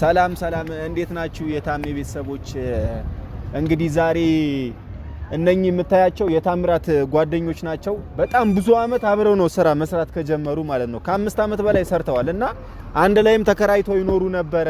ሰላም ሰላም፣ እንዴት ናችሁ የታሜ ቤተሰቦች? እንግዲህ ዛሬ እነኚህ የምታያቸው የታምራት ጓደኞች ናቸው። በጣም ብዙ አመት አብረው ነው ስራ መስራት ከጀመሩ ማለት ነው። ከአምስት አመት በላይ ሰርተዋል እና አንድ ላይም ተከራይተው ይኖሩ ነበረ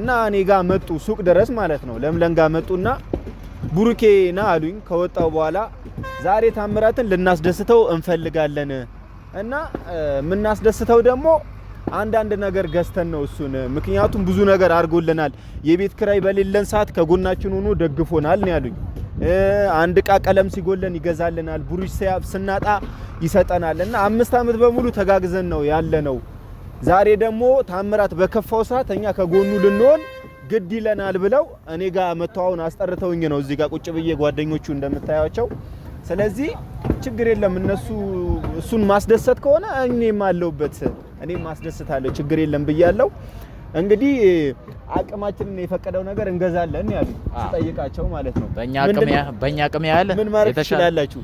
እና እኔ ጋ መጡ ሱቅ ድረስ ማለት ነው። ለምለም ጋር መጡና ቡሩኬ ና አሉኝ። ከወጣው በኋላ ዛሬ ታምራትን ልናስደስተው እንፈልጋለን እና የምናስደስተው ደግሞ አንዳንድ ነገር ገዝተን ነው እሱን። ምክንያቱም ብዙ ነገር አድርጎልናል። የቤት ክራይ በሌለን ሰዓት ከጎናችን ሆኖ ደግፎናል ነው ያሉኝ። አንድ እቃ ቀለም ሲጎለን ይገዛልናል፣ ብሩሽ ስናጣ ይሰጠናል። እና አምስት አመት በሙሉ ተጋግዘን ነው ያለ ነው። ዛሬ ደግሞ ታምራት በከፋው ሰዓት እኛ ከጎኑ ልንሆን ግድ ይለናል ብለው እኔ ጋር መተዋውን አስጠርተውኝ ነው እዚህ ጋር ቁጭ ብዬ ጓደኞቹ እንደምታያቸው። ስለዚህ ችግር የለም እነሱ እሱን ማስደሰት ከሆነ እኔም አለሁበት። እኔም ማስደስታለሁ፣ ችግር የለም ብያለሁ። እንግዲህ አቅማችንን የፈቀደው ነገር እንገዛለን ያሉ ስጠይቃቸው ማለት ነው። በእኛ አቅም ያህል ምን ማለት ትችላላችሁ?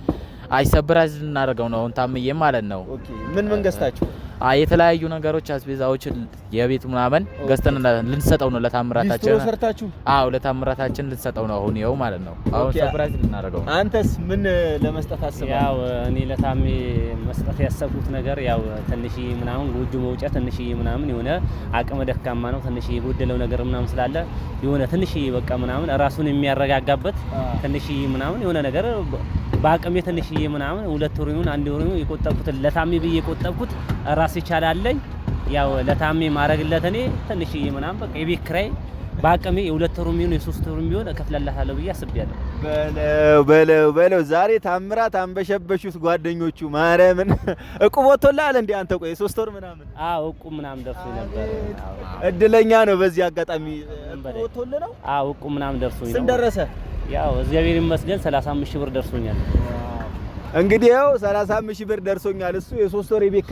አይ ሰብራይዝ እናደርገው ነው ታምዬ ማለት ነው። ምን ምን ገዝታችሁ የተለያዩ ነገሮች አስቤዛዎችን የቤት ምናምን ገዝተን ልንሰጠው ነው ለታምራታችን። አዎ ለታምራታችን ልንሰጠው ነው። አሁን ይኸው ማለት ነው። አሁን ሰርፕራይዝ ልናደርገው። አንተስ ምን ለመስጠት አስበህ? ያው እኔ ለታሜ መስጠት ያሰብኩት ነገር ያው ትንሽዬ ምናምን ጎጆ መውጫ ትንሽዬ ምናምን የሆነ አቅመ ደካማ ነው ትንሽ የጎደለው ነገር ምናምን ስላለ የሆነ ትንሽ በቃ ምናምን ራሱን የሚያረጋጋበት ትንሽዬ ምናምን የሆነ ነገር በአቅሜ ትንሽዬ ምናምን ሁለት ወር ይሁን አንድ ወር ይሁን የቆጠብኩትን ለታሜ ብዬ የቆጠብኩት ራስ ይቻላለኝ ያው ለታሜ ማረግለት እኔ ትንሽዬ ምናምን በቃ የቤት ኪራይ በአቅሜ የሁለት ወር የሚሆን የሶስት ወር የሚሆን እከፍለላታለሁ ብዬ አስቤያለሁ። በለው በለው በለው ዛሬ ታምራት አንበሸበሹት ጓደኞቹ ማርያምን እቁብ ወጥቶልሃል እንዴ አንተ? ቆይ ሶስት ወር ምናምን? አዎ እቁብ ምናምን ደርሶ ነበር። እድለኛ ነው። በዚህ አጋጣሚ እቁብ ወጥቶልህ ነው? አዎ እቁብ ምናምን ደርሶ ነው። ስንደረሰ ያው እግዚአብሔር ይመስገን 35 ሺህ ብር ደርሶኛል። እንግዲህ ያው 35 ሺህ ብር ደርሶኛል። እሱ የሶስት ወር የቤት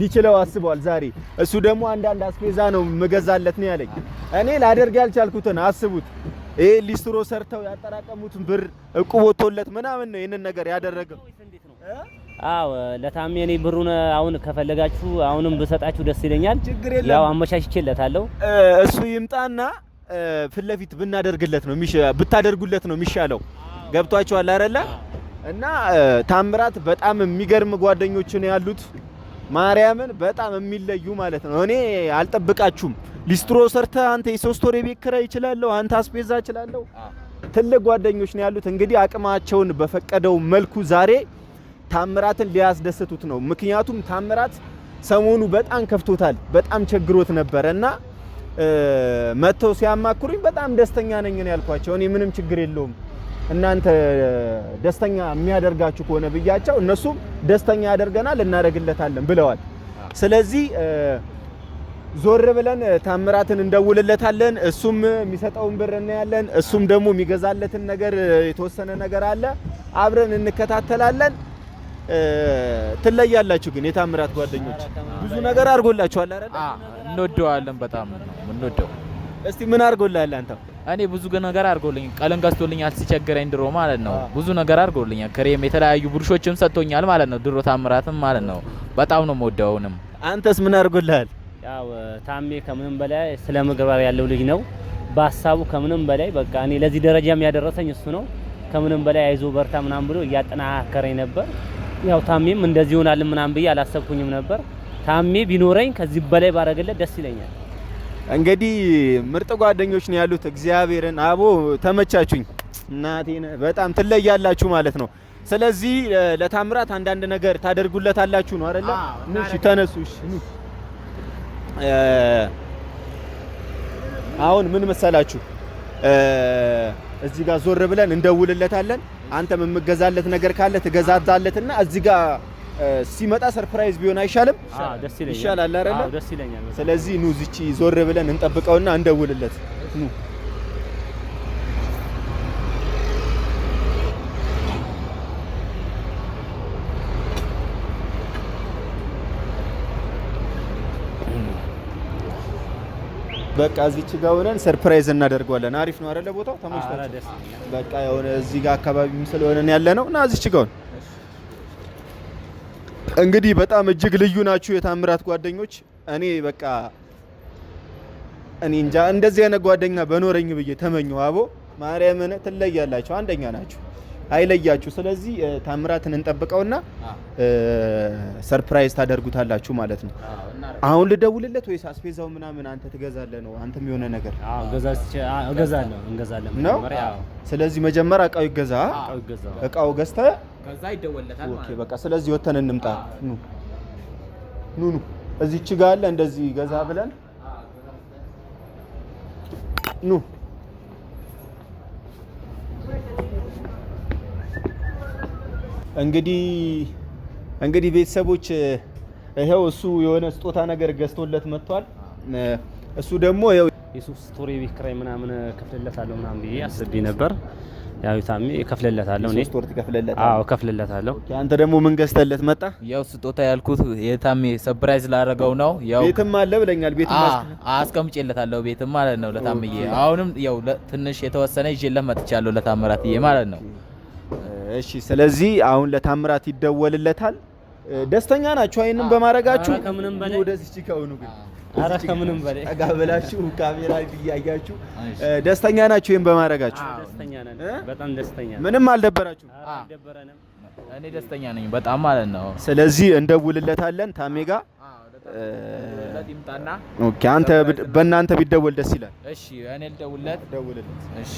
ሊችለው አስቧል። ዛሬ እሱ ደግሞ አንዳንድ አስፔዛ ነው መገዛለት ነው ያለኝ። እኔ ላደርግ ያልቻልኩትን አስቡት። ይሄ ሊስትሮ ሰርተው ያጠራቀሙትን ብር እቁብ ወጥቶለት ምናምን ነው ይህንን ነገር ያደረገው። አዎ ለታሜ እኔ ብሩን አሁን ከፈለጋችሁ አሁንም ብሰጣችሁ ደስ ይለኛል። ያው አመቻችቼለታለሁ። እሱ ይምጣና ፊት ለፊት ብናደርግለት ነው ብታደርጉለት ነው የሚሻለው። ገብቷቸዋል አይደለ? እና ታምራት በጣም የሚገርም ጓደኞች ነው ያሉት። ማርያምን በጣም የሚለዩ ማለት ነው። እኔ አልጠብቃችሁም። ሊስትሮ ሰርተ አንተ የሶስት ወር ቤት አንተ አስቤዛ እችላለሁ። ትልቅ ጓደኞች ነው ያሉት። እንግዲህ አቅማቸውን በፈቀደው መልኩ ዛሬ ታምራትን ሊያስደስቱት ነው። ምክንያቱም ታምራት ሰሞኑ በጣም ከፍቶታል፣ በጣም ቸግሮት ነበረ እና መጥተው ሲያማክሩኝ በጣም ደስተኛ ነኝ ነው ያልኳቸው። እኔ ምንም ችግር የለውም እናንተ ደስተኛ የሚያደርጋችሁ ከሆነ ብያቸው፣ እነሱም ደስተኛ ያደርገናል እናደርግለታለን ብለዋል። ስለዚህ ዞር ብለን ታምራትን እንደውልለታለን። እሱም የሚሰጠውን ብር እናያለን። እሱም ደግሞ የሚገዛለትን ነገር የተወሰነ ነገር አለ፣ አብረን እንከታተላለን። ትለያላችሁ ግን የታምራት ጓደኞች ብዙ ነገር አድርጎላችኋል አይደል? እንወደዋለን። በጣም ነው የምንወደው። እስቲ ምን አድርጎልሃል አንተ? እኔ ብዙ ነገር አድርጎልኝ፣ ቀለም ገዝቶልኛል ሲቸገረኝ ድሮ ማለት ነው። ብዙ ነገር አድርጎልኛል። ክሬም፣ የተለያዩ ብሩሾችም ሰጥቶኛል ማለት ነው። ድሮ ታምራትም ማለት ነው። በጣም ነው የምወደው። አንተስ ምን አድርጎልሃል? ያው ታሜ ከምንም በላይ ስለ ምግባር ያለው ልጅ ነው። በሀሳቡ ከምንም በላይ በቃ እኔ ለዚህ ደረጃም ያደረሰኝ እሱ ነው። ከምንም በላይ አይዞ በርታ ምናምን ብሎ እያጠናከረኝ ነበር። ያው ታሜም እንደዚህ ይሆናል ምናምን ብዬ አላሰብኩኝም ነበር። ታሜ ቢኖረኝ ከዚህ በላይ ባረግለት ደስ ይለኛል። እንግዲህ ምርጥ ጓደኞች ነው ያሉት። እግዚአብሔርን አቦ ተመቻችሁኝ፣ እናቴን በጣም ትለያላችሁ ማለት ነው። ስለዚህ ለታምራት አንዳንድ ነገር ታደርጉለታላችሁ ነው አይደለ? እሺ ተነሱ። እሺ አሁን ምን መሰላችሁ፣ እዚህ ጋር ዞር ብለን እንደውልለታለን። አንተም የምገዛለት ነገር ካለ ትገዛዛለትና እዚህ ጋር ሲመጣ ሰርፕራይዝ ቢሆን አይሻልም? ይሻላል አይደለ? ደስ ይለኛል። ስለዚህ ኑ እዚች ዞር ብለን እንጠብቀውና እንደውልለት። ኑ በቃ እዚች ጋር ሆነን ሰርፕራይዝ እናደርገዋለን። አሪፍ ነው አይደለ? ቦታው ተመችቷል። በቃ የሆነ እዚህ ጋር አካባቢ ስለሆነ ያለ ነው እና እዚች ጋር እንግዲህ በጣም እጅግ ልዩ ናችሁ የታምራት ጓደኞች። እኔ በቃ እኔ እንጃ እንደዚህ አይነት ጓደኛ በኖረኝ ብዬ ተመኘው። አቦ ማርያምን ትለያላችሁ፣ አንደኛ ናችሁ። አይለያችሁ። ስለዚህ ታምራትን እንጠብቀውና ሰርፕራይዝ ታደርጉታላችሁ ማለት ነው። አሁን ልደውልለት ወይስ አስፔዛው ምናምን አንተ ትገዛለህ ነው? አንተም የሆነ ነገር እገዛለሁ ነው። ስለዚህ መጀመሪያ እቃው ይገዛ፣ እቃው ገዝተህ ከዛ ይደወልለታል። ኦኬ በቃ ስለዚህ ወተን እንምጣ። ኑ ኑ ኑ፣ እዚች ጋር አለ እንደዚህ ገዛ ብለን ኑ እንግዲህ እንግዲህ ቤተሰቦች ይኸው እሱ የሆነ ስጦታ ነገር ገዝቶለት መጥቷል። እሱ ደግሞ ይኸው የሱፍ ስቶሪ ቤት ኪራይ ምናምን እከፍልለታለሁ ምናምን ብዬ አስቤ ነበር። ያው ታሚ እከፍልለታለሁ እኔ ስቶሪ ትከፍልለታለህ? አዎ እከፍልለታለሁ። አንተ ደግሞ ምን ገዝተለት መጣ? ያው ስጦታ ያልኩት የታሚ ሰርፕራይዝ ላደረገው ነው። ያው ቤትም አለ ብለኛል። ቤትም አስቀምጬለታለሁ። ቤትም ማለት ነው ለታምዬ። አሁንም ያው ትንሽ የተወሰነ ይዤለት መጥቻለሁ ለታምራትዬ ማለት ነው። እሺ። ስለዚህ አሁን ለታምራት ይደወልለታል። ደስተኛ ናችሁ አይንም በማድረጋችሁ? ወደዚህ ከሆኑ ግን ኧረ ከምንም በላይ ጠጋ ካሜራ እያያችሁ ደስተኛ ናችሁ ይሄን በማረጋችሁ ደስተኛ ነን፣ በጣም ደስተኛ ነን። ምንም አልደበራችሁ? አልደበረንም። እኔ ደስተኛ ነኝ በጣም ማለት ነው። ስለዚህ እንደውልለታለን ታሜጋ ኦኬ። አንተ በእናንተ ቢደወል ደስ ይላል። እሺ እኔ ልደውልለት። ደውልለት። እሺ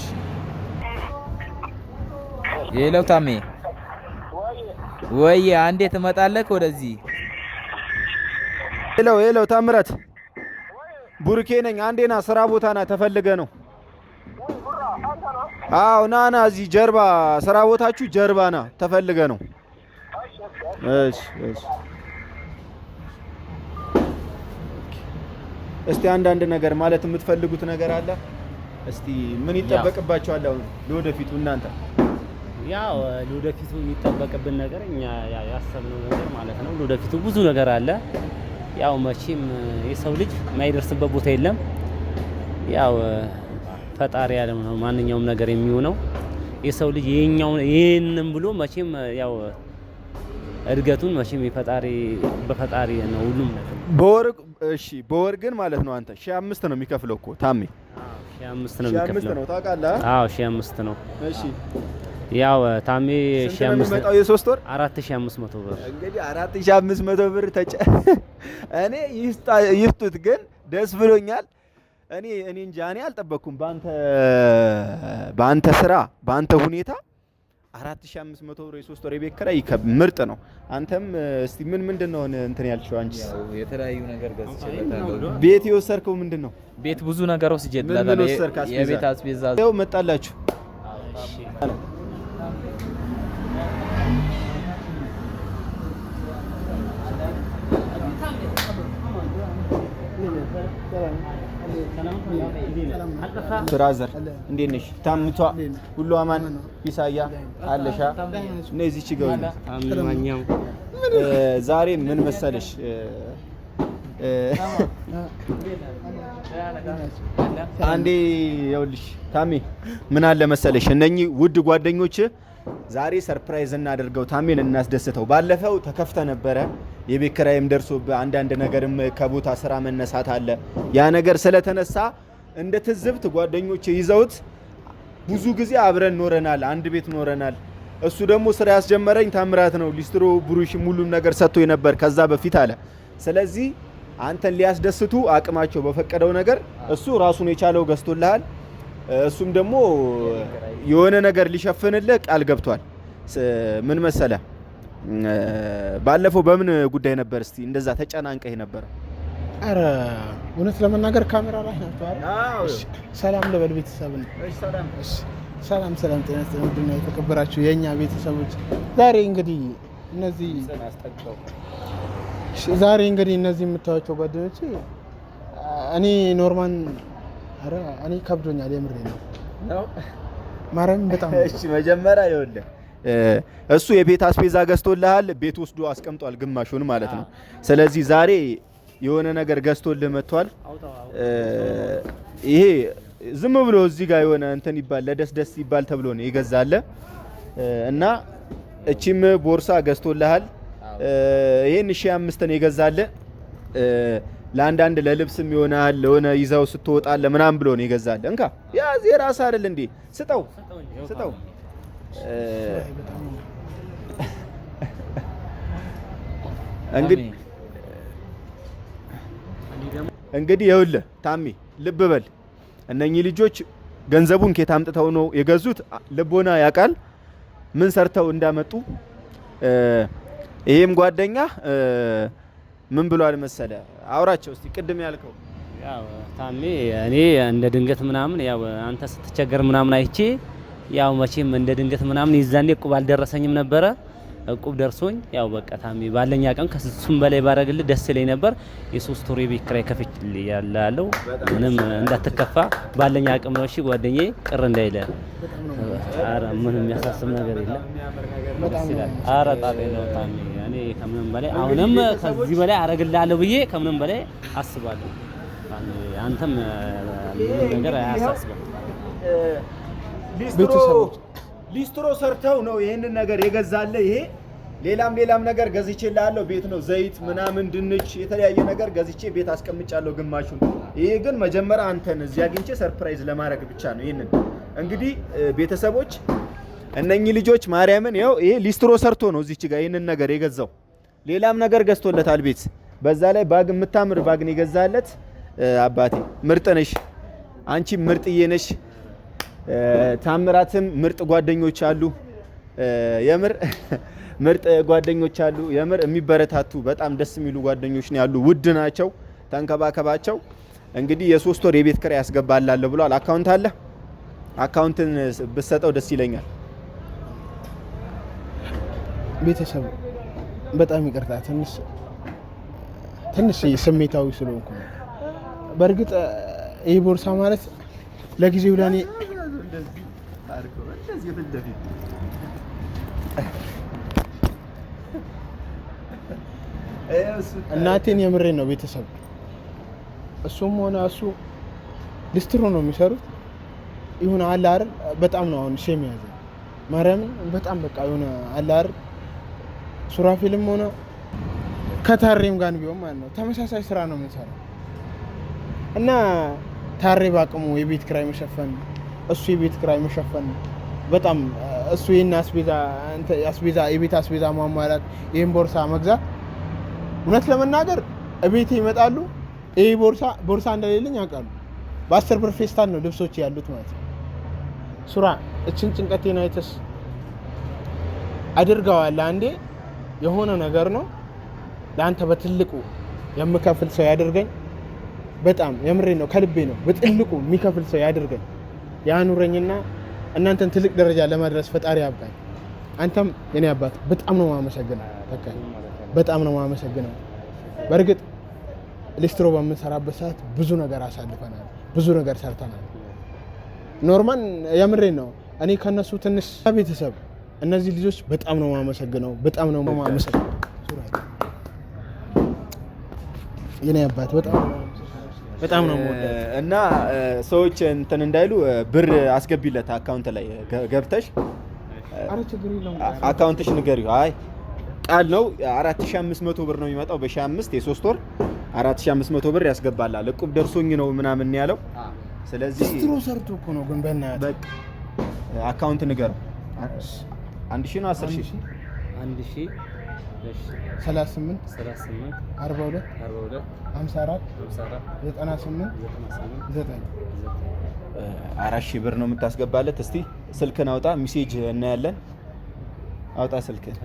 የለው ታሜ ወይ አንዴ ትመጣለህ ወደዚህ። የለው የለው ታምረት ቡርኬ ነኝ። አንዴ ና፣ ስራ ቦታ ና፣ ተፈልገ ነው። አዎ ና ና፣ እዚህ ጀርባ፣ ስራ ቦታችሁ ጀርባ ና፣ ተፈልገ ነው። እሺ እሺ። እስቲ አንዳንድ ነገር ማለት የምትፈልጉት ነገር አለ? እስቲ ምን ይጠበቅባችኋል አሁን ለወደፊቱ እናንተ ያው ለወደፊቱ የሚጠበቅብን ነገር እኛ ያሰብነው ነገር ማለት ነው። ለወደፊቱ ብዙ ነገር አለ። ያው መቼም የሰው ልጅ የማይደርስበት ቦታ የለም። ያው ፈጣሪ ያለም ነው ማንኛውም ነገር የሚሆነው። የሰው ልጅ የኛው ይሄንን ብሎ መቼም ያው እድገቱን መቼም የፈጣሪ በፈጣሪ ነው ሁሉም ነገር። በወር እሺ፣ በወር ግን ማለት ነው አንተ ሺህ አምስት ነው የሚከፍለው እኮ ታሜ፣ ሺህ አምስት ነው የሚከፍለው። አዎ ሺህ አምስት ነው። እሺ ያው ታሜ የሶስት አራት አምስት መቶ ብር እንግዲህ አራት አምስት መቶ ብር ተጨ እኔ ይፍቱት ግን ደስ ብሎኛል። እኔ እኔ እንጃ እኔ አልጠበቅኩም። በአንተ በአንተ ስራ በአንተ ሁኔታ አራት ሺህ አምስት መቶ ብር የሶስት ወር የቤት ኪራይ ምርጥ ነው። አንተም እስቲ ምን ምንድን ነው እንትን ያልሽው የተለያዩ ነገር ቤት የወሰድከው ምንድን ነው? ቤት ብዙ ነገር የቤት አስቤዛ ይኸው መጣላችሁ ብራዘር እንዴት ነሽ? ታምቷ ሁሉ አማን ፒሳያ አለሻ እነዚህ ችግር አማኛው ዛሬ ምን መሰለሽ አንዴ ይኸውልሽ ታሜ ምን አለ መሰለሽ እነኚህ ውድ ጓደኞች ዛሬ ሰርፕራይዝ እናደርገው ታሜን እናስደስተው። ባለፈው ተከፍተ ነበረ የቤት ክራይም ደርሶብህ አንዳንድ ነገርም ከቦታ ስራ መነሳት አለ። ያ ነገር ስለተነሳ እንደ ትዝብት ጓደኞች ይዘውት ብዙ ጊዜ አብረን ኖረናል፣ አንድ ቤት ኖረናል። እሱ ደግሞ ስራ ያስጀመረኝ ታምራት ነው። ሊስትሮ ብሩሽ፣ ሙሉም ነገር ሰጥቶ ነበር ከዛ በፊት አለ። ስለዚህ አንተን ሊያስደስቱ አቅማቸው በፈቀደው ነገር እሱ ራሱን የቻለው ገዝቶልሃል። እሱም ደግሞ የሆነ ነገር ሊሸፍንልህ ቃል ገብቷል። ምን መሰለህ ባለፈው በምን ጉዳይ ነበር? እስቲ እንደዛ ተጨናንቀህ ነበር? አረ እውነት ለመናገር ካሜራ ላይ ናቸው። ሰላም ለበል ቤተሰብ ነው። ሰላም ሰላም፣ ጤና ይስጥልን የተከበራችሁ የእኛ ቤተሰቦች። ዛሬ እንግዲህ እነዚህ ዛሬ እንግዲህ እነዚህ የምታዩቸው ጓደኞች እኔ ኖርማን እኔ ከብዶኛል፣ የምሬ ነው ማርያም በጣም እሺ። መጀመሪያ ይኸውልህ እሱ የቤት አስቤዛ ገዝቶልሃል፣ ቤት ወስዶ አስቀምጧል፣ ግማሹን ማለት ነው። ስለዚህ ዛሬ የሆነ ነገር ገዝቶልህ መጥቷል። ይሄ ዝም ብሎ እዚህ ጋር የሆነ እንትን ይባል ለደስ ደስ ይባል ተብሎ ነው ይገዛለ እና እቺም ቦርሳ ገዝቶልሃል። ይህን ሺ አምስት ነው ይገዛለ ለአንዳንድ ለልብስም ይሆናል ለሆነ ይዘው ስትወጣለ ምናምን ብሎ ነው ይገዛለ። እንካ ያ ያዝ፣ የራስህ አይደል እንዴ? ስጠው ስጠው እንግዲህ ይኸውልህ ታሚ ልብ በል እነኚህ ልጆች ገንዘቡን ከየት አምጥተው ነው የገዙት? ልቦና ያውቃል ምን ሰርተው እንዳመጡ። ይሄም ጓደኛ ምን ብሏል መሰለ፣ አውራቸው እስቲ ቅድም ያልከው ያው ታሜ እኔ እንደ ድንገት ምናምን ያው አንተ ስትቸገር ምናምን አይቼ ያው መቼም እንደ ድንገት ምናምን ይዛኔ እቁብ አልደረሰኝም ነበረ። እቁብ ደርሶኝ ያው በቃ ታሚ ባለኛ ቀን ከሱም በላይ ባረግል ደስ ይለኝ ነበር። የሶስት ወር ቤት ኪራይ ከፍል ያለው ምንም እንዳትከፋ ባለኛ አቅም ነው። እሺ ጓደኛዬ ቅር እንዳይለ። አረ ምንም የሚያሳስብ ነገር የለም። አረ ጣጣ ነው ታሚ። እኔ ከምንም በላይ አሁንም ከዚህ በላይ አረግልሃለሁ ብዬ ከምንም በላይ አስባለሁ። አንተም ምንም ነገር አያሳስብም። ሊስትሮ ሰርተው ነው ይህንን ነገር የገዛለ። ይሄ ሌላም ሌላም ነገር ገዝቼልሃለሁ። ቤት ነው ዘይት ምናምን ድንች፣ የተለያየ ነገር ገዝቼ ቤት አስቀምጫለሁ ግማሹን። ይሄ ግን መጀመሪያ አንተን እዚህ አግኝቼ ሰርፕራይዝ ለማድረግ ብቻ ነው። ይህንን እንግዲህ ቤተሰቦች እነኚህ ልጆች ማርያምን ይኸው ይሄ ሊስትሮ ሰርቶ ነው እዚች ጋር ይህንን ነገር የገዛው። ሌላም ነገር ገዝቶለታል ቤት። በዛ ላይ ባግ የምታምር ባግን የገዛለት አባቴ ምርጥ ነሽ አንቺ ምርጥዬ ነሽ ታምራትም ምርጥ ጓደኞች አሉ። የምር ምርጥ ጓደኞች አሉ። የምር የሚበረታቱ በጣም ደስ የሚሉ ጓደኞች ነው ያሉ። ውድ ናቸው፣ ተንከባከባቸው። እንግዲህ የሶስት ወር የቤት ኪራይ ያስገባላለሁ ብሏል። አካውንት አለ፣ አካውንትን ብሰጠው ደስ ይለኛል። ቤተሰብ በጣም ይቅርታ፣ ትንሽ ትንሽ ስሜታዊ ስለሆንኩ በእርግጥ ይህ ቦርሳ ማለት ለጊዜው ለእኔ እንደዚህ አድርገው እንደዚህ ፊት ለፊት እናቴን የምሬ ነው ቤተሰብ እሱም ሆነ እሱ ሊስትሮ ነው የሚሰሩት። ይሁን አለ አይደል? በጣም ነው አሁን ሼም ያዘ ማርያምን በጣም በቃ የሆነ አለ አይደል? ሱራፊልም ሆነ ከታሬም ጋር ቢሆን ማለት ነው ተመሳሳይ ስራ ነው የምንሰራው እና ታሬ በአቅሙ የቤት ክራይ መሸፈን እሱ የቤት ክራይ መሸፈን ነው። በጣም እሱ ይህን አስቤዛ የቤት አስቤዛ ማሟላት፣ ይህን ቦርሳ መግዛት። እውነት ለመናገር እቤት ይመጣሉ። ይህ ቦርሳ ቦርሳ እንደሌለኝ ያውቃሉ። በአስር ብር ፌስታል ነው ልብሶች ያሉት ማለት ነው። ሱራ እችን ጭንቀቴን አይተስ አድርገዋል። አንዴ የሆነ ነገር ነው ለአንተ በትልቁ የምከፍል ሰው ያደርገኝ በጣም የምሬ ነው፣ ከልቤ ነው። በትልቁ የሚከፍል ሰው ያደርገኝ። ያኑረኝና እናንተን ትልቅ ደረጃ ለማድረስ ፈጣሪ አባይ አንተም የኔ አባት በጣም ነው ማመሰግነው። ተካ በጣም ነው ማመሰግነው። በእርግጥ ሊስትሮ በምንሰራበት ሰዓት ብዙ ነገር አሳልፈናል፣ ብዙ ነገር ሰርተናል። ኖርማን የምሬ ነው። እኔ ከነሱ ትንሽ ቤተሰብ እነዚህ ልጆች በጣም ነው ማመሰግነው፣ በጣም ነው ማመሰግነው። የኔ አባት በጣም በጣም ነው እና ሰዎች እንትን እንዳይሉ ብር አስገቢለት አካውንት ላይ ገብተሽ አካውንትሽ ንገሪው። አይ ቃል ነው 4500 ብር ነው የሚመጣው በ5 የሶስት ወር 4500 ብር ያስገባላል። እቁብ ደርሶኝ ነው ምናምን ያለው። ስለዚህ ስትሮ ሰርቶ እኮ ነው ግን በእናትህ በቃ አካውንት ንገረው። አንድ ሺህ ነው 10 ሺህ አንድ ሺህ 38 38 42 42 54 94 98 አራት ሺህ ብር ነው የምታስገባለት። እስቲ ስልክን አውጣ፣ ሚሴጅ እናያለን። አውጣ ስልክን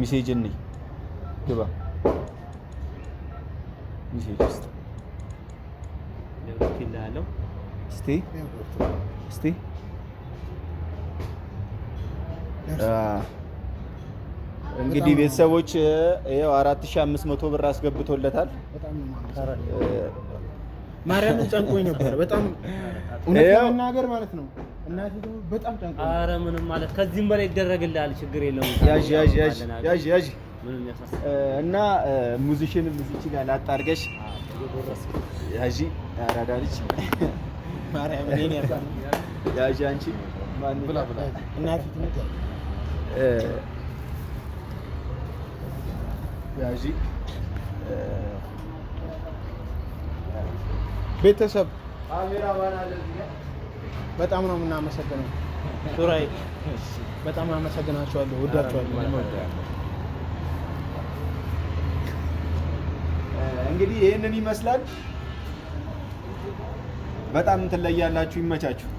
ሚሴጅ ግባ ሚሴጅ ውስጥ እስቲ እስቲ እንግዲህ ቤተሰቦች ይኸው አራት ሺህ አምስት መቶ ብር አስገብቶለታል። ማርያም ጨንቆኝ ነበር በጣም እውነት ለመናገር ማለት ነው። እናቴ ደግሞ በጣም ጨንቆኝ። ኧረ ምንም ማለት ከዚህም በላይ ይደረግልሃል፣ ችግር የለውም። ያዥ ያዥ ያዥ ያዥ ያዥ እና ሙዚሽን ሙዚች ጋር ላጣርገሽ ያዥ አራዳ ልጅ ማርያም እኔን ያጣ ያዥ አንቺ ማን ብላ ብላ እናቴ ትመጣለች ቤተሰብ በጣም ነው የምናመሰግነው። ሱራይ በጣም አመሰግናቸዋለሁ፣ ወዳቸዋለሁ። እንግዲህ ይህንን ይመስላል። በጣም እንትን ላይ ያላችሁ ይመቻችሁ።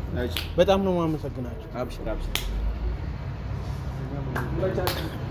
በጣም ነው የማመሰግናችሁ። አብሽር አብሽር 应该 u